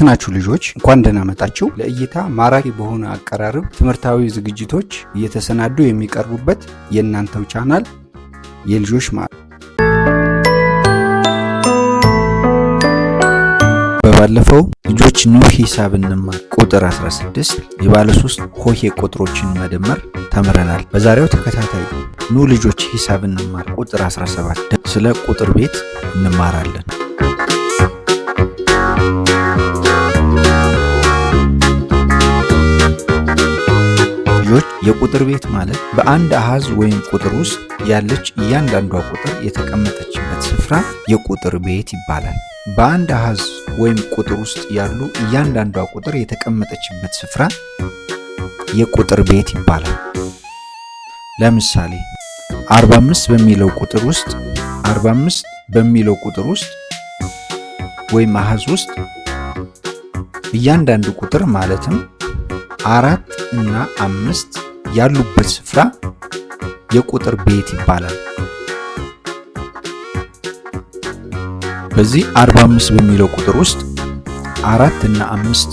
እንዴት ናችሁ ልጆች? እንኳን ደህና መጣችሁ። ለእይታ ማራኪ በሆነ አቀራረብ ትምህርታዊ ዝግጅቶች እየተሰናዱ የሚቀርቡበት የእናንተው ቻናል የልጆች ማ በባለፈው ልጆች ኑ ሂሳብ እንማር ቁጥር 16 የባለሶስት ሆሄ ቁጥሮችን መደመር ተምረናል። በዛሬው ተከታታይ ኑ ልጆች ሂሳብ እንማር ቁጥር 17 ስለ ቁጥር ቤት እንማራለን። አብራሪዎች የቁጥር ቤት ማለት በአንድ አሃዝ ወይም ቁጥር ውስጥ ያለች እያንዳንዷ ቁጥር የተቀመጠችበት ስፍራ የቁጥር ቤት ይባላል። በአንድ አሃዝ ወይም ቁጥር ውስጥ ያሉ እያንዳንዷ ቁጥር የተቀመጠችበት ስፍራ የቁጥር ቤት ይባላል። ለምሳሌ 45 በሚለው ቁጥር ውስጥ 45 በሚለው ቁጥር ውስጥ ወይም አሃዝ ውስጥ እያንዳንዱ ቁጥር ማለትም አራት እና አምስት ያሉበት ስፍራ የቁጥር ቤት ይባላል። በዚህ 45 በሚለው ቁጥር ውስጥ አራት እና አምስት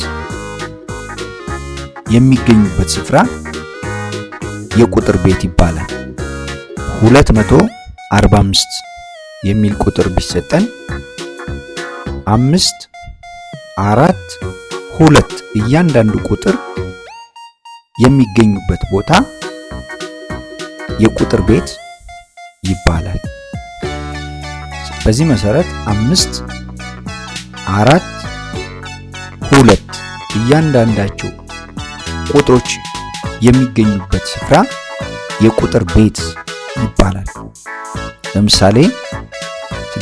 የሚገኙበት ስፍራ የቁጥር ቤት ይባላል። 245 የሚል ቁጥር ቢሰጠን አምስት፣ አራት፣ ሁለት እያንዳንዱ ቁጥር የሚገኙበት ቦታ የቁጥር ቤት ይባላል። በዚህ መሰረት አምስት፣ አራት፣ ሁለት እያንዳንዳቸው ቁጥሮች የሚገኙበት ስፍራ የቁጥር ቤት ይባላል። ለምሳሌ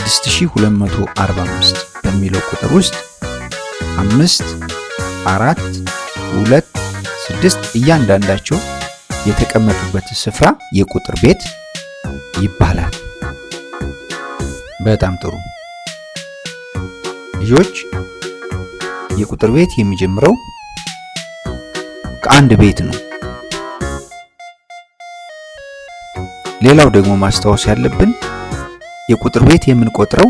6245 በሚለው ቁጥር ውስጥ አምስት፣ አራት፣ ሁለት ስድስት እያንዳንዳቸው የተቀመጡበት ስፍራ የቁጥር ቤት ይባላል። በጣም ጥሩ ልጆች፣ የቁጥር ቤት የሚጀምረው ከአንድ ቤት ነው። ሌላው ደግሞ ማስታወስ ያለብን የቁጥር ቤት የምንቆጥረው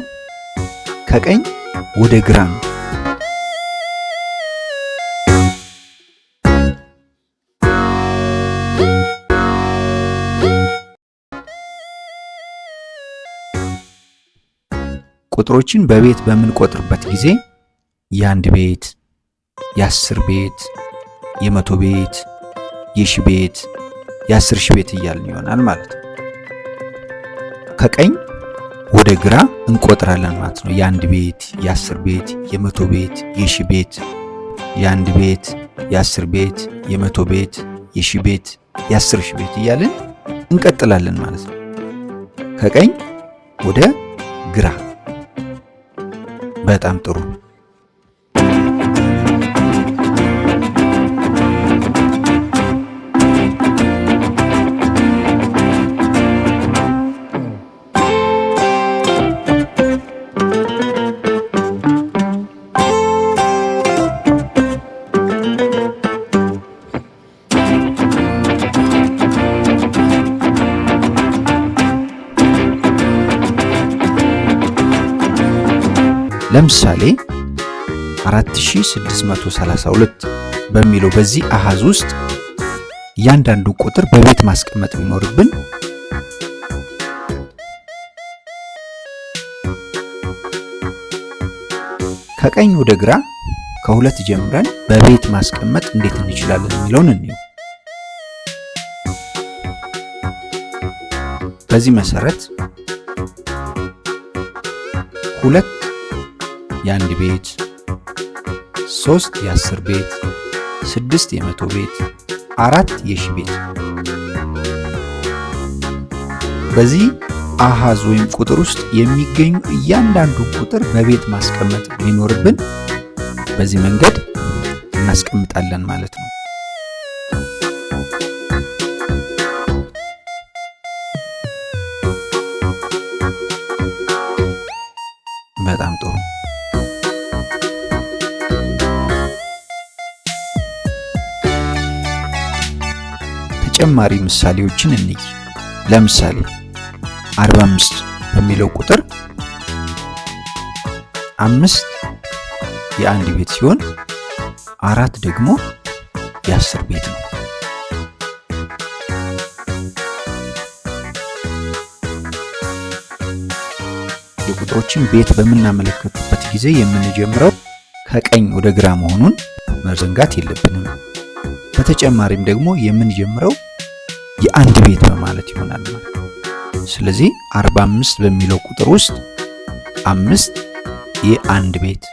ከቀኝ ወደ ግራ ነው። ቁጥሮችን በቤት በምንቆጥርበት ጊዜ የአንድ ቤት፣ የአስር ቤት፣ የመቶ ቤት፣ የሺ ቤት፣ የአስር ሺ ቤት እያልን ይሆናል ማለት ነው። ከቀኝ ወደ ግራ እንቆጥራለን ማለት ነው። የአንድ ቤት፣ የአስር ቤት፣ የመቶ ቤት፣ የሺ ቤት፣ የአንድ ቤት፣ የአስር ቤት፣ የመቶ ቤት፣ የሺ ቤት፣ የአስር ሺ ቤት እያልን እንቀጥላለን ማለት ነው። ከቀኝ ወደ ግራ በጣም ጥሩ ለምሳሌ 4632 በሚለው በዚህ አሃዝ ውስጥ እያንዳንዱ ቁጥር በቤት ማስቀመጥ ቢኖርብን ከቀኝ ወደ ግራ ከሁለት ጀምረን በቤት ማስቀመጥ እንዴት እንችላለን የሚለውን እንየው። በዚህ መሰረት ሁለት የአንድ ቤት፣ ሶስት የአስር ቤት፣ ስድስት የመቶ ቤት፣ አራት የሺ ቤት። በዚህ አሃዝ ወይም ቁጥር ውስጥ የሚገኙ እያንዳንዱ ቁጥር በቤት ማስቀመጥ ቢኖርብን በዚህ መንገድ እናስቀምጣለን ማለት ነው። ተጨማሪ ምሳሌዎችን እንይ። ለምሳሌ 45 በሚለው ቁጥር አምስት የአንድ ቤት ሲሆን አራት ደግሞ የአስር ቤት ነው። የቁጥሮችን ቤት በምናመለከትበት ጊዜ የምንጀምረው ከቀኝ ወደ ግራ መሆኑን መዘንጋት የለብንም። በተጨማሪም ደግሞ የምንጀምረው የአንድ ቤት በማለት ይሆናል ማለት ነው። ስለዚህ 45 በሚለው ቁጥር ውስጥ አምስት የአንድ ቤት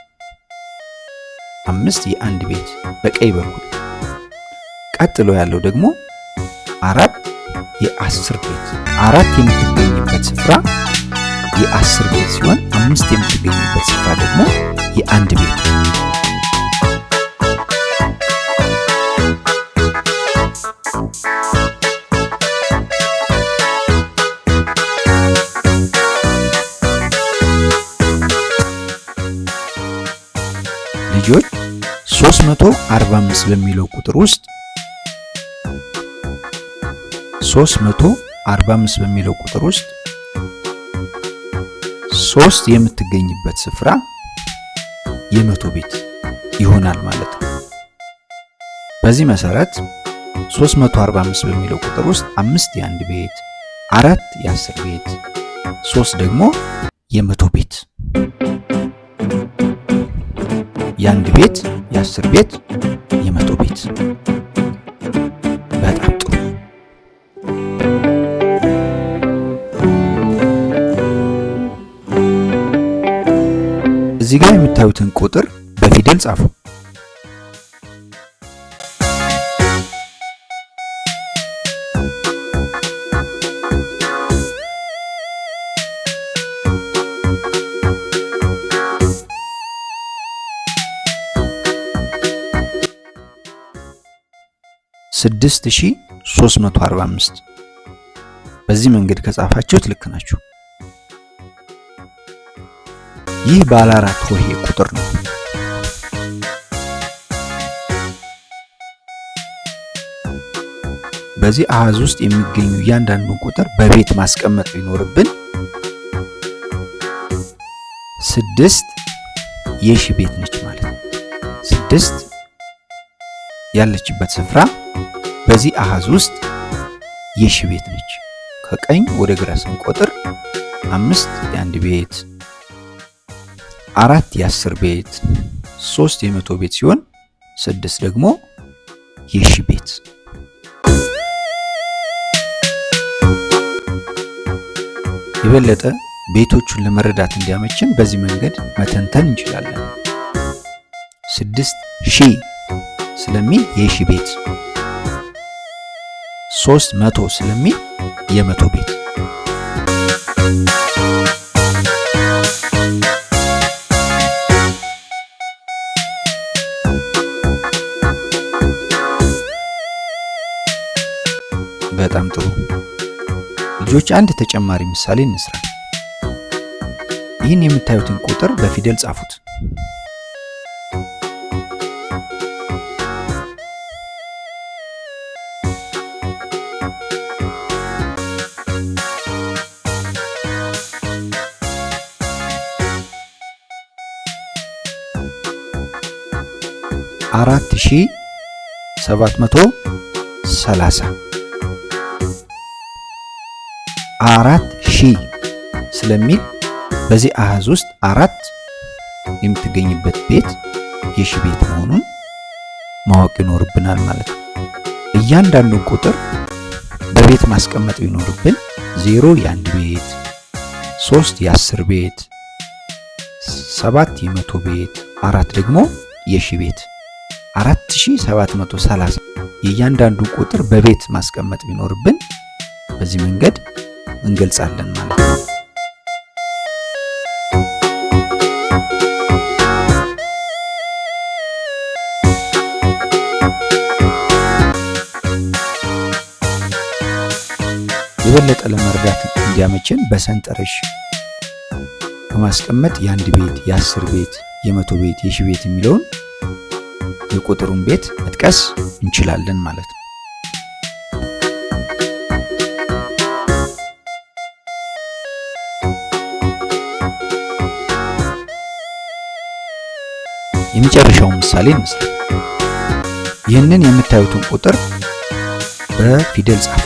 አምስት የአንድ ቤት በቀኝ በኩል ቀጥሎ ያለው ደግሞ አራት የአስር ቤት አራት የምትገኝበት ስፍራ የአስር ቤት ሲሆን አምስት የምትገኝበት ስፍራ ደግሞ የአንድ ቤት ነው። ልጆች 345 በሚለው ቁጥር ውስጥ 345 በሚለው ቁጥር ውስጥ ሶስት የምትገኝበት ስፍራ የመቶ ቤት ይሆናል ማለት ነው። በዚህ መሰረት 345 በሚለው ቁጥር ውስጥ አምስት የአንድ ቤት፣ አራት የአስር ቤት፣ ሶስት ደግሞ የመቶ ቤት የአንድ ቤት የአስር ቤት የመቶ ቤት በጣም ጥሩ። እዚህ ጋር የምታዩትን ቁጥር በፊደል ጻፉ። 6345 በዚህ መንገድ ከጻፋችሁት ልክ ናችሁ። ይህ ባለ አራት ሆሄ ቁጥር ነው። በዚህ አሃዝ ውስጥ የሚገኙ እያንዳንዱ ቁጥር በቤት ማስቀመጥ ቢኖርብን ስድስት የሺ ቤት ነች ማለት ነው። ስድስት ያለችበት ስፍራ በዚህ አሃዝ ውስጥ የሺ ቤት ነች። ከቀኝ ወደ ግራ ስንቆጥር አምስት የአንድ ቤት፣ አራት የአስር ቤት፣ ሶስት የመቶ ቤት ሲሆን ስድስት ደግሞ የሺ ቤት የበለጠ ቤቶቹን ለመረዳት እንዲያመችን በዚህ መንገድ መተንተን እንችላለን። ስድስት ሺህ ስለሚል የሺ ቤት፣ ሶስት መቶ ስለሚል የመቶ ቤት። በጣም ጥሩ ልጆች፣ አንድ ተጨማሪ ምሳሌ እንስራ። ይህን የምታዩትን ቁጥር በፊደል ጻፉት። አራት ሺ ሰባት መቶ ሰላሳ አራት ሺ ስለሚል በዚህ አሃዝ ውስጥ አራት የምትገኝበት ቤት የሺ ቤት መሆኑን ማወቅ ይኖርብናል ማለት ነው። እያንዳንዱን ቁጥር በቤት ማስቀመጥ ይኖርብን። ዜሮ የአንድ ቤት፣ ሶስት የአስር ቤት፣ ሰባት የመቶ ቤት፣ አራት ደግሞ የሺ ቤት 4730 የእያንዳንዱ ቁጥር በቤት ማስቀመጥ ቢኖርብን በዚህ መንገድ እንገልጻለን ማለት ነው። የበለጠ ለመርዳት እንዲያመችን በሰንጠረዥ በማስቀመጥ የአንድ ቤት፣ የአስር ቤት፣ የመቶ ቤት፣ የሺ ቤት የሚለውን የቁጥሩን ቤት መጥቀስ እንችላለን ማለት ነው። የመጨረሻው ምሳሌ እንስራ። ይህንን የምታዩትን ቁጥር በፊደል ጻፉ።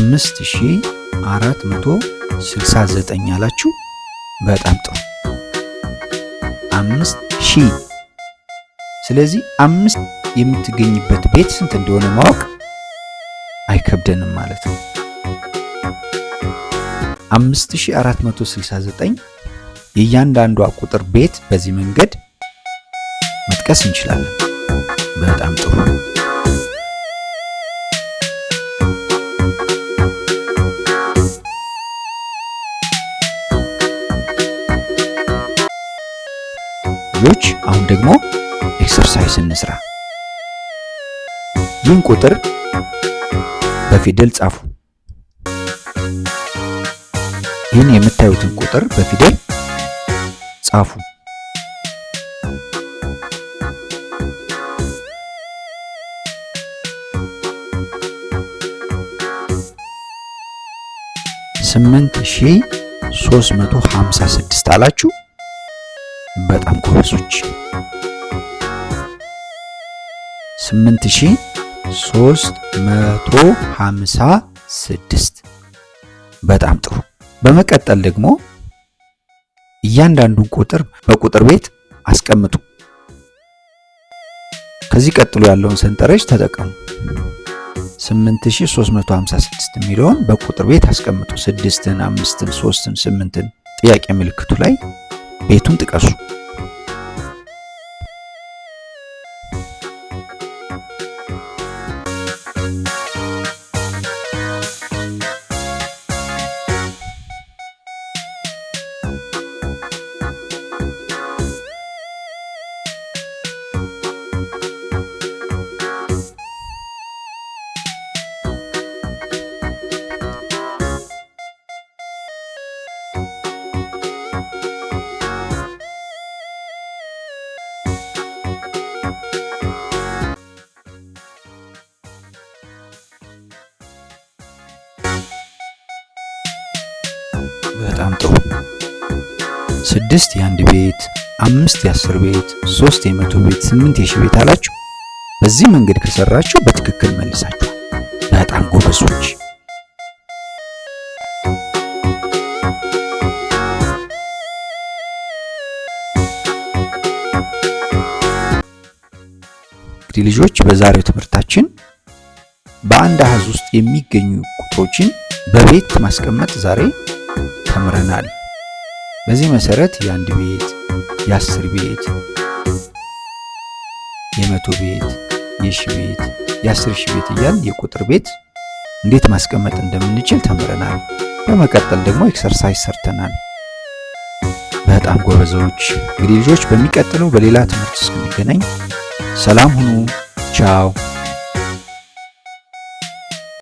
አምስት ሺህ አራት መቶ 69 አላችሁ። በጣም ጥሩ አምስት ሺህ። ስለዚህ አምስት የምትገኝበት ቤት ስንት እንደሆነ ማወቅ አይከብደንም ማለት ነው። 5469 የእያንዳንዷ ቁጥር ቤት በዚህ መንገድ መጥቀስ እንችላለን። በጣም ጥሩ ደግሞ ኤክሰርሳይዝ እንስራ። ይህን ቁጥር በፊደል ጻፉ። ይህን የምታዩትን ቁጥር በፊደል ጻፉ። ስምንት ሺህ ሶስት መቶ ሀምሳ ስድስት አላችሁ። በጣም ጎበዞች። 8356 በጣም ጥሩ። በመቀጠል ደግሞ እያንዳንዱን ቁጥር በቁጥር ቤት አስቀምጡ። ከዚህ ቀጥሎ ያለውን ሰንጠረዥ ተጠቀሙ። 8356 የሚለውን በቁጥር ቤት አስቀምጡ። ስድስትን፣ 3ን፣ 8ን ጥያቄ ምልክቱ ላይ ቤቱን ጥቀሱ። ስድስት የአንድ ቤት፣ አምስት የአስር ቤት፣ ሶስት የመቶ ቤት፣ ስምንት የሺ ቤት አላችሁ። በዚህ መንገድ ከሰራችሁ በትክክል መልሳችሁ በጣም ጎበዞች። እንግዲህ ልጆች በዛሬው ትምህርታችን በአንድ አሃዝ ውስጥ የሚገኙ ቁጥሮችን በቤት ማስቀመጥ ዛሬ ተምረናል። በዚህ መሰረት የአንድ ቤት፣ የአስር ቤት፣ የመቶ ቤት፣ የሺ ቤት፣ የአስር ሺ ቤት እያል የቁጥር ቤት እንዴት ማስቀመጥ እንደምንችል ተምረናል። በመቀጠል ደግሞ ኤክሰርሳይዝ ሰርተናል። በጣም ጎበዞች። እንግዲህ ልጆች በሚቀጥለው በሌላ ትምህርት እስክንገናኝ ሰላም ሁኑ። ቻው